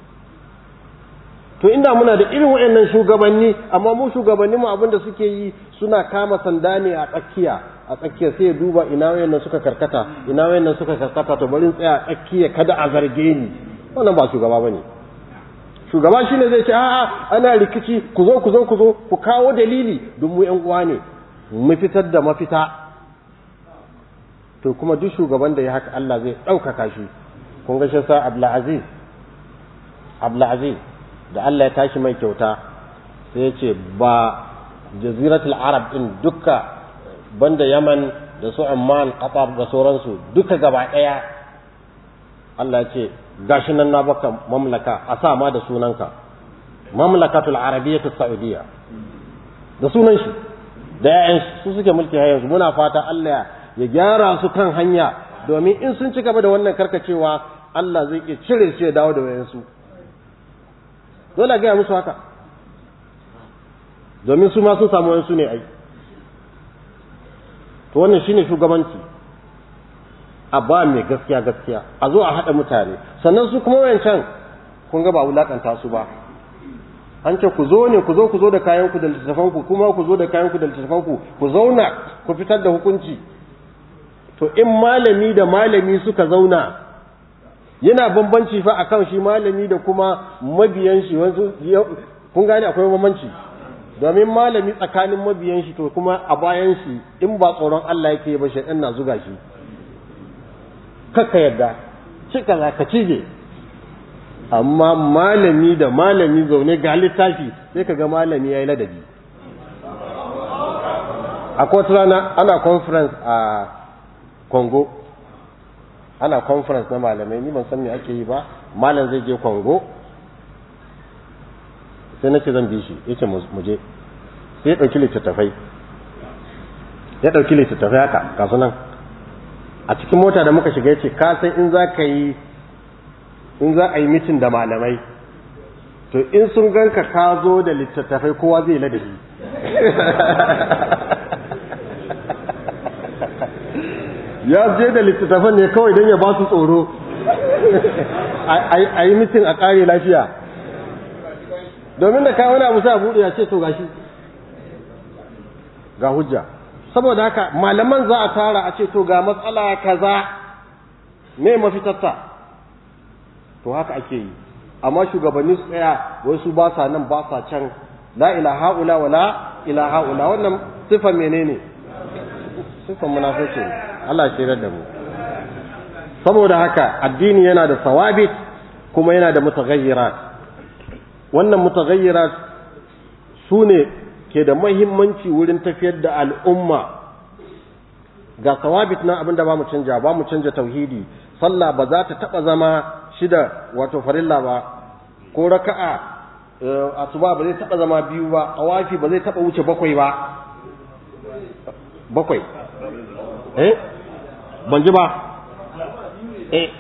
to inda muna da irin wayannan shugabanni amma mu shugabanni mu abinda suke yi suna kama sanda ne a tsakiya a tsakiya sai ya duba ina wayannan suka karkata ina wayannan suka karkata to bari tsaya a tsakiya kada a zarge ni wannan ba shugaba bane shugaba shine zai ce a'a ana rikici ku zo ku zo ku zo ku kawo dalili don mu yan uwa ne mu da mafita to kuma duk shugaban da ya haka Allah zai ɗaukaka shi kun ga shi sa Abdulaziz Abdulaziz da Allah ya tashi mai kyauta sai ya ce ba jaziratul arab din duka banda yaman da su amman qatar da sauransu duka gaba daya Allah ya ce gashi nan na baka mamlaka a sa ma da sunanka mamlakatul arabiyyatu saudiya da sunan shi da yayan su suke mulki har yanzu muna fata Allah ya gyara su kan hanya domin in sun ci gaba da wannan karkacewa Allah zai iya cire shi ya dawo da wayansu dole gaya musu haka domin su ma sun samu wayansu ne ai to wannan shine shugabanci a ba mai gaskiya gaskiya a zo a haɗa mutane sannan su kuma wancan kun ga ba wulakanta su ba an ce ku zo ne ku zo ku zo da kayan ku da littattafan ku kuma ku zo da kayan ku da littattafan ku ku zauna ku fitar da hukunci to in malami da malami suka zauna yana bambanci fa akan shi malami da kuma mabiyan shi wasu kun gane akwai bambanci domin malami tsakanin mabiyanshi shi to kuma a bayan shi in ba tsoron Allah yake ba shaytan na zuga shi kaka yadda cika za ka cije amma malami da malami zaune ga littafi sai ka ga malami ya yi ladabi a rana ana conference a congo ana conference na malamai ni ban san me ake yi ba malam zai je kwango sai na ce zan bi shi yace mu je sai ya ɗauki littattafai ya ɗauki littattafai haka kasu nan a cikin mota da muka shiga yace ka san in za ka yi in za a yi mitin da malamai to in sun ganka ka zo da littattafai kowa zai ladabi (laughs) ya je da littattafan ne kawai don ya ba su tsoro a yi mitin a ƙare lafiya domin da ka wani musa buɗe ya ce to gashi ga hujja saboda haka malaman za a tara a ce to ga matsala kaza ne mafitatta to haka ake yi amma shugabanni su tsaya wasu ba sa nan ba sa can la ila ha'ula wala ila ha'ula wannan sifa menene sukan munafiki Allah shirar da mu saboda haka addini yana da sawabit kuma yana da mutaghayyirat wannan mutaghayyirat sune ke da muhimmanci wurin tafiyar da al'umma ga sawabit na abin da ba mu canja ba mu canja tauhidi sallah ba za ta taba zama shida wato farilla ba ko raka'a eh, asuba ba zai taba zama biyu ba awafi ba zai taba wuce bakwai ba bakwai Eh? ban ji ba eh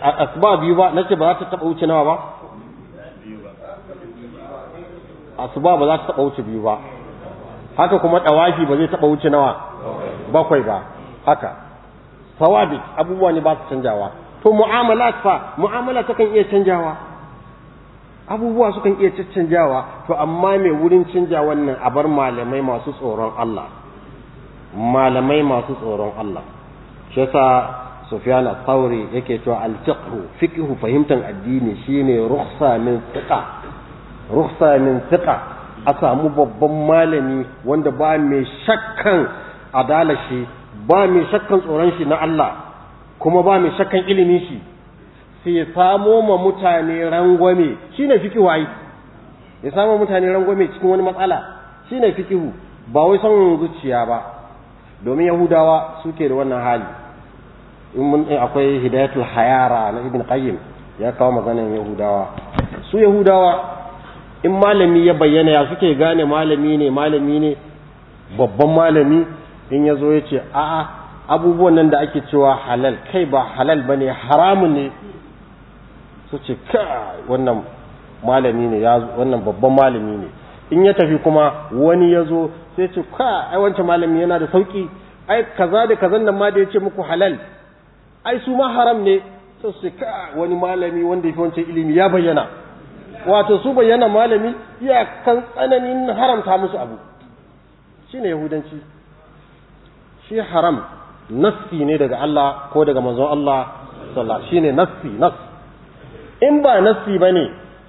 ba biyu ba nace ba za ta taba wuce nawa ba asuba ba za ta taba wuce biyu ba haka kuma dawafi ba zai taba wuce nawa bakwai ba haka sawabi abubuwa ne ba su canjawa to mu'amalat fa mu'amala ta kan iya canjawa abubuwa su kan iya canjawa to amma mai wurin canja wannan a bar malamai masu tsoron Allah malamai masu tsoron Allah shasa yasa Sufyan al-Thawri yake cewa al-fiqhu fiqhu fahimtan addini shine rukhsa min thiqa rukhsa min thiqa a samu babban malami wanda ba mai shakkan adalar ba mai shakkan tsoron shi na Allah kuma ba mai shakkan ilimin shi sai samo ma mutane rangwame shine fiqhu ai ya samo mutane rangwame cikin wani matsala shine fiqhu ba wai son zuciya ba domin yahudawa suke da wannan hali in mun eh, akwai hidayatul hayara na ibn qayyim ya kawo maganan yahudawa su yahudawa in malami ya bayyana ya suke gane malami ne malami ne babban malami in ya zo ya ce a'a abubuwan nan da ake cewa halal kai ba halal ba ne haramun ne su ce ka wannan malami ne wannan babban malami ne in ya tafi kuma wani ya zo sai ce ka ai wancan malami yana da sauki ai kaza da kazan nan ma da ya ce muku halal ai su ma haram ne sai su ka wani malami wanda yafi wancan ilimi ya bayyana wato su bayyana malami kan tsananin haramta musu abu shine yahudanci shi haram nassi ne daga Allah ko daga manzon Allah sallallahu alaihi shine nassi nas in ba nassi bane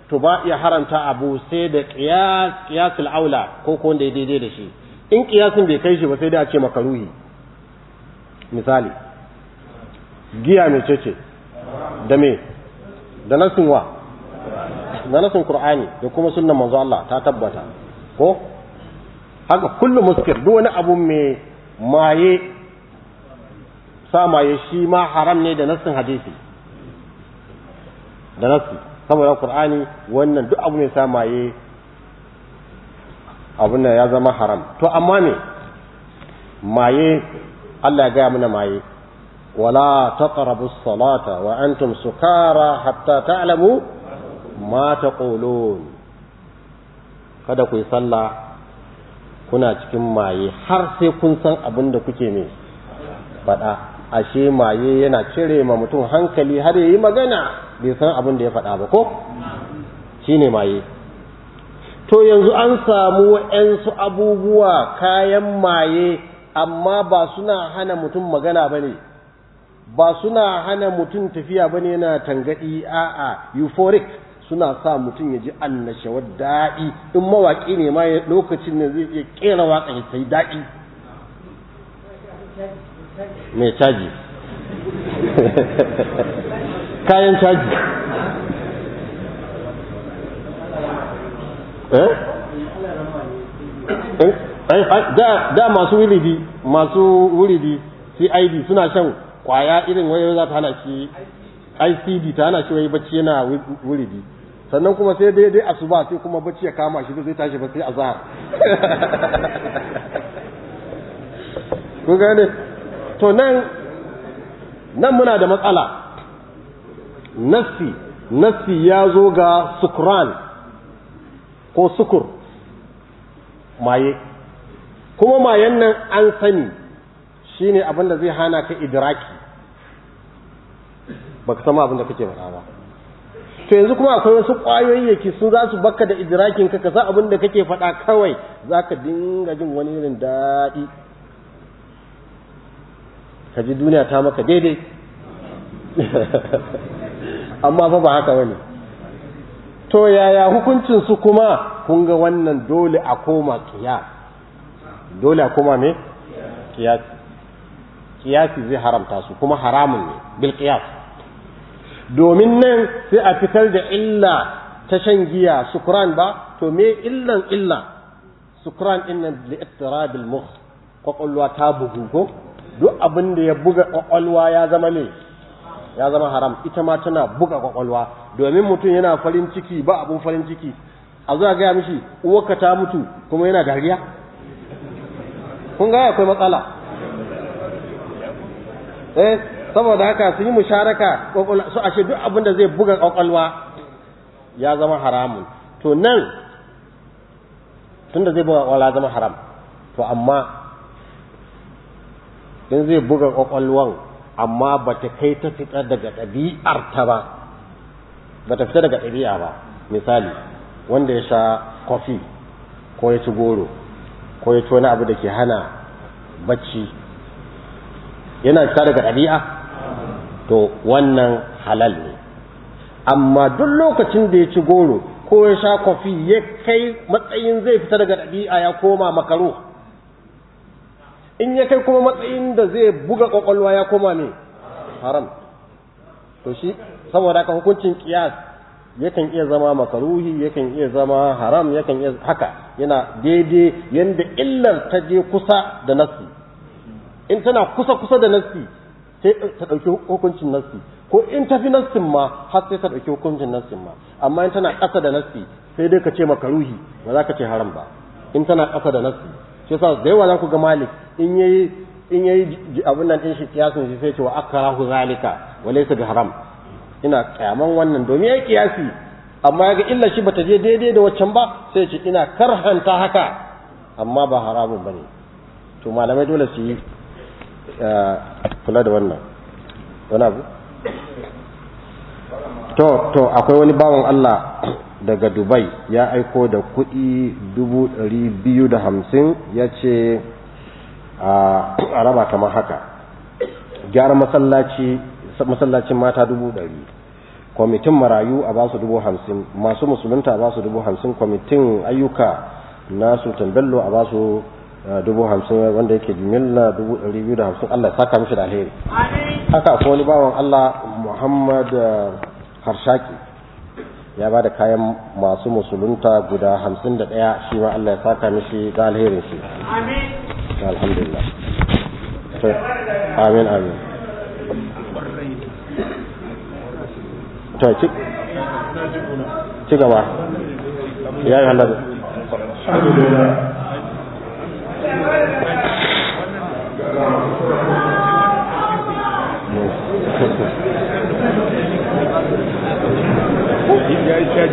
to ba iya haramta abu sai da qiyas qiyasul aula ko ko wanda ya daidai da shi in qiyasin bai kai shi ba sai da a ce makaruhi misali giya mai cece da me da nasin wa da nasin qur'ani da kuma sunnan manzo Allah ta tabbata ko haka kullu muskir duk wani abu mai maye sa maye shi ma haram ne da nasin hadisi da nasin saboda qur'ani wannan duk abu ne sa maye abun nan ya zama haram to amma ne maye Allah ya gaya mana maye ولا تقربوا الصلاة وأنتم سكارى حتى تعلموا ما تقولون kada ku yi sallah kuna cikin maye har sai kun san abin da kuke ne faɗa ashe maye yana cire ma mutum hankali har ya yi magana bai san abin da ya faɗa ba ko shine maye to yanzu an samu wa'yansu abubuwa kayan maye amma ba suna hana mutum magana ba ne ba suna hana mutum tafiya bane yana tangadi a'a euphoric suna sa mutum ya ji wa daɗi in mawaƙi ne ma lokacin da zai iya ƙera waƙa ya sai daɗi mai caji (laughs) kayan caji eh? Eh, eh, da masu wuridi masu wuridi cid suna shan kwaya irin wayo za ta hana shi ICD ta hana shi wai bacci yana wuridi sannan kuma sai daidai asuba sai kuma bacci ya kama shi zai tashi ba sai azhar (laughs) ku gane to nan nan muna da matsala nassi nassi ya zo ga sukuran ko sukur maye kuma mayan nan an sani shi abin da zai hana ka idraki baka ka abin da kake faɗa ba to yanzu kuma akwai wasu ƙwayoyi sun za su baka da idrakin ka kasa abin da kake faɗa kawai za ka dinga jin wani irin daɗi ka ji duniya ta maka daidai (laughs) amma fa ba haka bane to yaya hukuncin su kuma kun ga wannan dole a koma kiyas dole a koma me kiyas kiyasi zai haramta su kuma haramun ne bil domin nan sai a fitar da illa ta shan giya sukran ba to me illan illa sukran din nan li ittirabil mukh kwakwalwa ta bugu ko duk abin da ya buga kwakwalwa ya zama ne ya zama haram ita ma tana buga kwakwalwa domin mutum yana farin ciki ba abun farin ciki a zuwa gaya mishi uwarka ta mutu kuma yana dariya kun ga akwai matsala eh saboda haka sun yi musharaka su ashe duk abin da zai buga kwakwalwa ya zama haramun to nan tunda zai buga kwakwalwa zama haram to amma in zai buga kwakwalwan amma ba ta kai ta fita daga ɗabi'ar ta ba ba ta fita daga ɗabi'a ba misali wanda ya sha kofi ko ya ci goro ko ya ci wani abu da ke hana bacci yana fita daga ɗabi'a to wannan halal ne amma duk lokacin da ya ci goro ko ya sha kofi ya kai matsayin zai fita daga ɗabi'a ya koma makaro in ya kai kuma matsayin da zai buga ƙwaƙwalwa ya koma ne haram to shi saboda haka hukuncin kiyas yakan iya zama makaruhi yakan iya zama haram yakan iya haka yana daidai yanda illar ta je kusa da nasu in tana kusa kusa da nassi sai ta ɗauki hukuncin nassi ko in tafi nassin ma har sai ta ɗauki hukuncin nassin ma amma in tana ƙasa da nassi sai dai ka ce makaruhi ba za ka ce haram ba in tana ƙasa da nassi shi yasa da yawa za ku ga malik in yayi in yayi abin nan din shi kiyasin shi sai ce wa akrahu zalika wa laysa bi haram ina kyaman wannan domin yayi kiyasi amma yaga illa shi bata je daidai da waccan ba sai ce ina karhanta haka amma ba haramun bane to malamai dole su yi kula da wannan wani abu to to akwai wani bawan Allah daga Dubai ya aiko da kuɗi dubu dari biyu da hamsin ya ce a raba kamar haka gyara masallaci masallacin mata dubu dari. kwamitin marayu a basu dubu hamsin masu musulunta a basu dubu hamsin kwamitin ayyuka na sultan bello a basu Ah, dubu hamsin wanda yake jimilla dubu ɗari biyu da hamsin Allah ya saka mishi da alheri haka akwai wani bawan Allah Muhammad ah, Harshaki ya ba da kayan masu musulunta guda hamsin da ɗaya shi ma Allah ya saka mishi da alherin shi alhamdulillah amin amin to ci gaba ya yi hannu You guys had.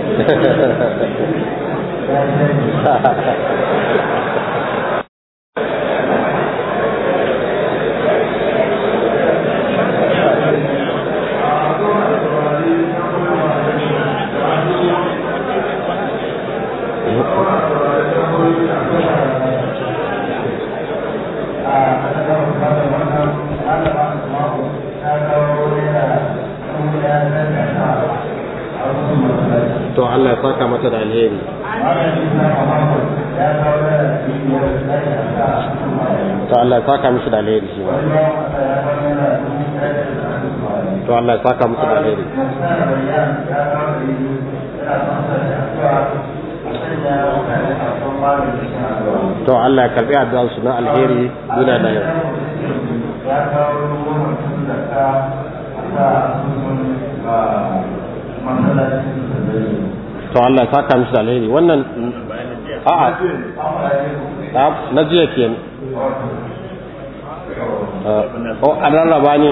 Allah ya saka musu da alheri to Allah ya karbi addu'ar su na alheri duna da yau to Allah ya saka musu da alheri wannan a'a na jiya ke oh, a rarraba ne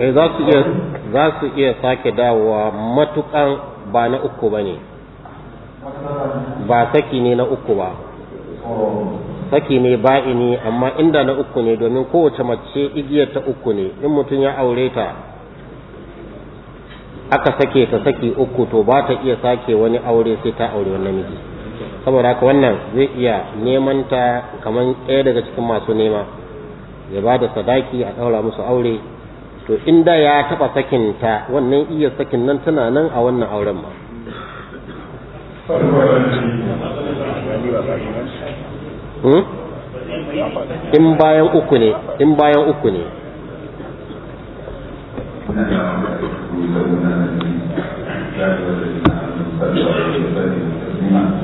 eh za su iya za su iya sake dawowa matukan ba na uku ba ne ba saki ne na uku ba saki ne ba'ini amma inda na uku ne domin kowace mace igiyar ta uku ne in mutum ya aure ta aka sake ta saki uku to ba ta iya sake wani aure sai ta aure wani namiji saboda haka wannan zai iya neman ta kamar ɗaya daga cikin masu nema ya ba da sadaki a ɗaura musu aure to inda ya taɓa sakin ta wannan iya sakin nan tana nan a wannan auren ma hmm? in bayan uku ne in bayan uku ne Thank you.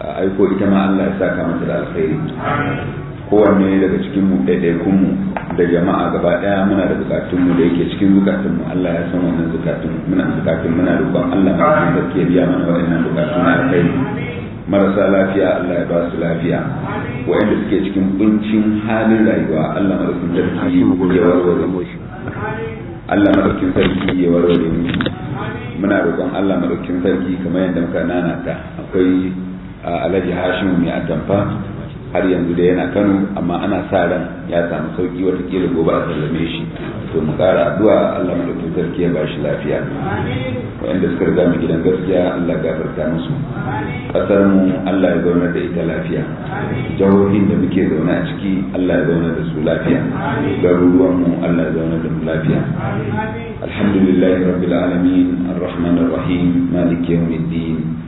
aiko ita ma Allah ya saka mata da alkhairi kowanne daga cikin mu ɗaiɗaikun mu da jama'a gaba ɗaya muna da bukatun mu da yake cikin bukatun mu Allah ya san wannan bukatun muna bukatun muna roƙon Allah ya ya sake biya mana wannan bukatun na kai marasa lafiya Allah ya ba su lafiya wanda suke cikin kuncin halin rayuwa Allah ma sun sarki ya warware Allah madaukin sarki ya warware mu muna roƙon Allah madaukin sarki kamar yadda muka ta akwai alhaji hashimu mai atamfa har yanzu da yana kano amma ana sa ran ya samu sauki watakila gobe a sallame shi to mu kara addu'a Allah mu dauki sarki ya bashi lafiya wanda suka riga mu gidan gaskiya Allah gafarta musu kasar mu Allah ya zauna da ita lafiya jahohin da muke zaune a ciki Allah ya zauna da su lafiya garuruwan mu Allah ya zauna da mu lafiya alhamdulillahi rabbil alamin arrahmanir rahim maliki yawmiddin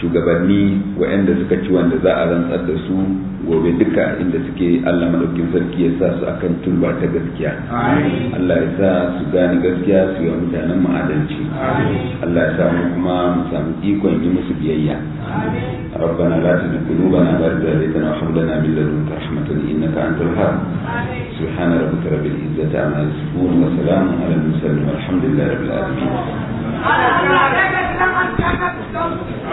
shugabanni waɗanda suka ci wanda za a rantsar da su gobe duka inda suke Allah madaukin sarki ya sa su akan turba ta gaskiya Allah ya sa su gane gaskiya su yi mutanen ma'adanci Allah ya sa mu kuma mu samu ikon yi musu biyayya ربنا لا تزغ قلوبنا بعد إذ هديتنا وهب لنا من لدنك رحمة إنك أنت الوهاب سبحان ربك رب العزة عما يصفون وسلام على المرسلين والحمد لله رب العالمين